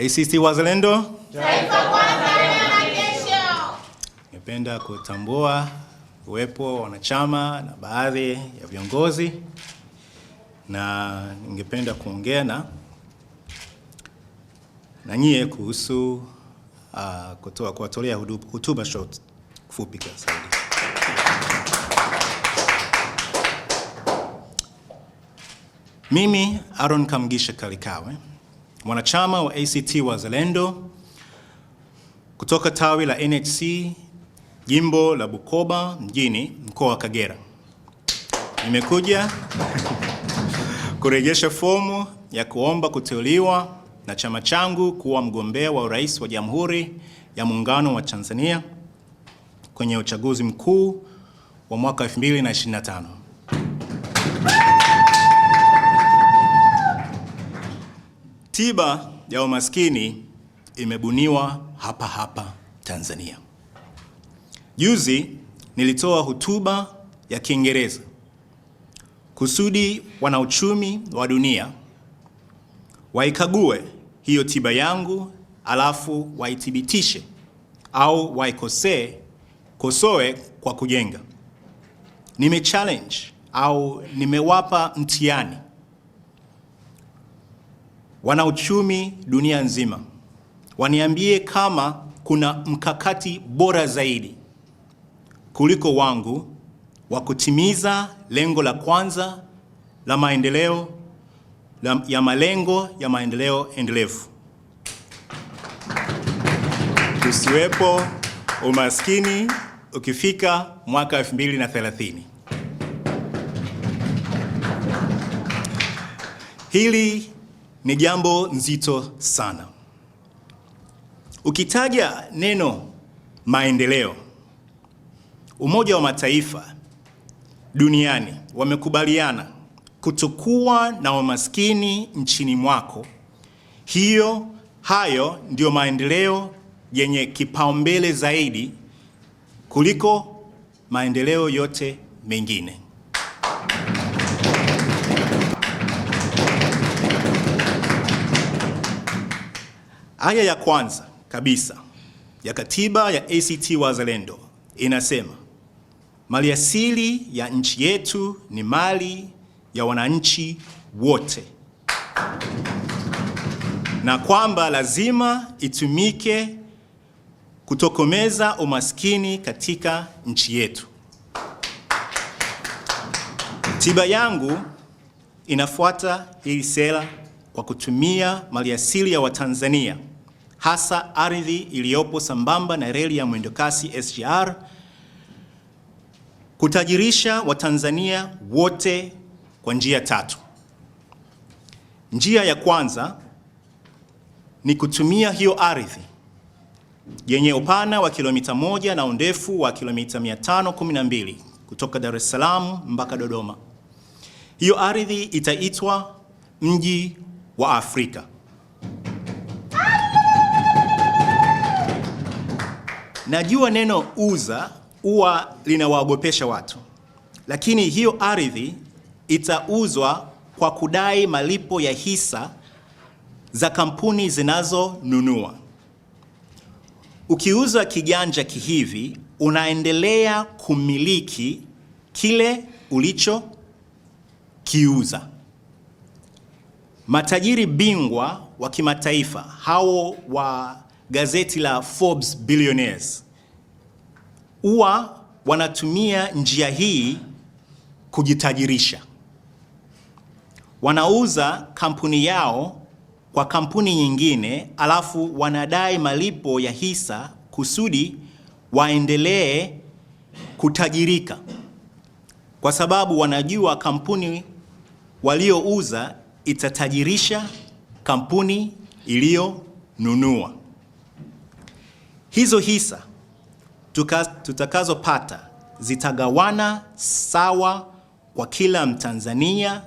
ACT Wazalendo, taifa kwanza, na kesho. Ningependa kutambua uwepo wa wanachama na baadhi ya viongozi, na ningependa kuongea na na nyie kuhusu uh, kutoa kuwatolea hotuba short fupi kwa Mimi Aaron Kamgisha Kalikawe mwanachama wa ACT Wazalendo kutoka tawi la NHC jimbo la Bukoba mjini, mkoa wa Kagera. Nimekuja kurejesha fomu ya kuomba kuteuliwa na chama changu kuwa mgombea wa urais wa Jamhuri ya Muungano wa Tanzania kwenye uchaguzi mkuu wa mwaka 2025. Tiba ya umaskini imebuniwa hapa hapa Tanzania. Juzi nilitoa hotuba ya Kiingereza kusudi wanauchumi wa dunia waikague hiyo tiba yangu, alafu waithibitishe au waikosee kosoe kwa kujenga. Nime challenge au nimewapa mtihani wanauchumi dunia nzima waniambie kama kuna mkakati bora zaidi kuliko wangu wa kutimiza lengo la kwanza la maendeleo la, ya malengo ya maendeleo endelevu usiwepo umaskini ukifika mwaka 2030. Hili ni jambo nzito sana. Ukitaja neno maendeleo, Umoja wa Mataifa duniani wamekubaliana kutokuwa na umaskini nchini mwako. Hiyo hayo ndiyo maendeleo yenye kipaumbele zaidi kuliko maendeleo yote mengine. Aya ya kwanza kabisa ya katiba ya ACT Wazalendo inasema maliasili ya nchi yetu ni mali ya wananchi wote na kwamba lazima itumike kutokomeza umaskini katika nchi yetu. Katiba yangu inafuata hili sera kwa kutumia maliasili ya Watanzania hasa ardhi iliyopo sambamba na reli ya mwendokasi SGR, kutajirisha Watanzania wote kwa njia tatu. Njia ya kwanza ni kutumia hiyo ardhi yenye upana wa kilomita moja na undefu wa kilomita 512 kutoka Dar es Salaam mpaka Dodoma. Hiyo ardhi itaitwa mji wa Afrika. Najua neno uza huwa linawaogopesha watu, lakini hiyo ardhi itauzwa kwa kudai malipo ya hisa za kampuni zinazonunua. Ukiuza kiganja kihivi, unaendelea kumiliki kile ulichokiuza. Matajiri bingwa wa kimataifa hao wa gazeti la Forbes Billionaires huwa wanatumia njia hii kujitajirisha. Wanauza kampuni yao kwa kampuni nyingine, alafu wanadai malipo ya hisa kusudi waendelee kutajirika, kwa sababu wanajua kampuni waliouza itatajirisha kampuni iliyonunua. Hizo hisa tutakazopata zitagawana sawa kwa kila Mtanzania,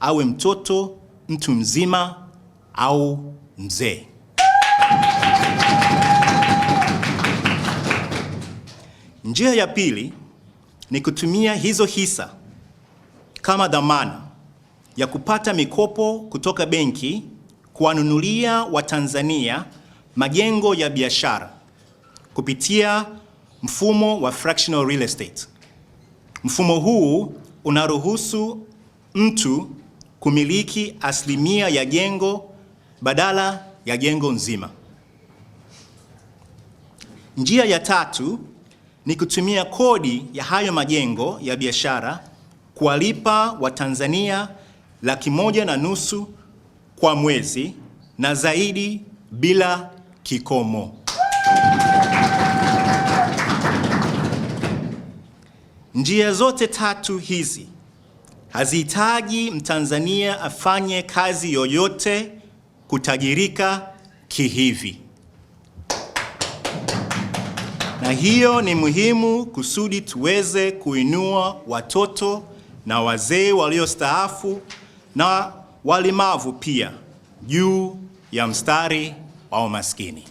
awe mtoto, mtu mzima au mzee. Njia ya pili ni kutumia hizo hisa kama dhamana ya kupata mikopo kutoka benki kuwanunulia Watanzania majengo ya biashara kupitia mfumo wa fractional real estate. Mfumo huu unaruhusu mtu kumiliki asilimia ya jengo badala ya jengo nzima. Njia ya tatu ni kutumia kodi ya hayo majengo ya biashara kuwalipa Watanzania laki moja na nusu kwa mwezi na zaidi bila kikomo. Njia zote tatu hizi hazihitaji Mtanzania afanye kazi yoyote kutajirika kihivi, na hiyo ni muhimu kusudi tuweze kuinua watoto na wazee waliostaafu na walemavu pia juu ya mstari wa umaskini.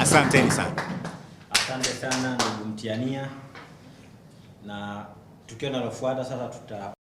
Asanteni sana sana ndugu Mtiania, na tukio linalofuata sasa tuta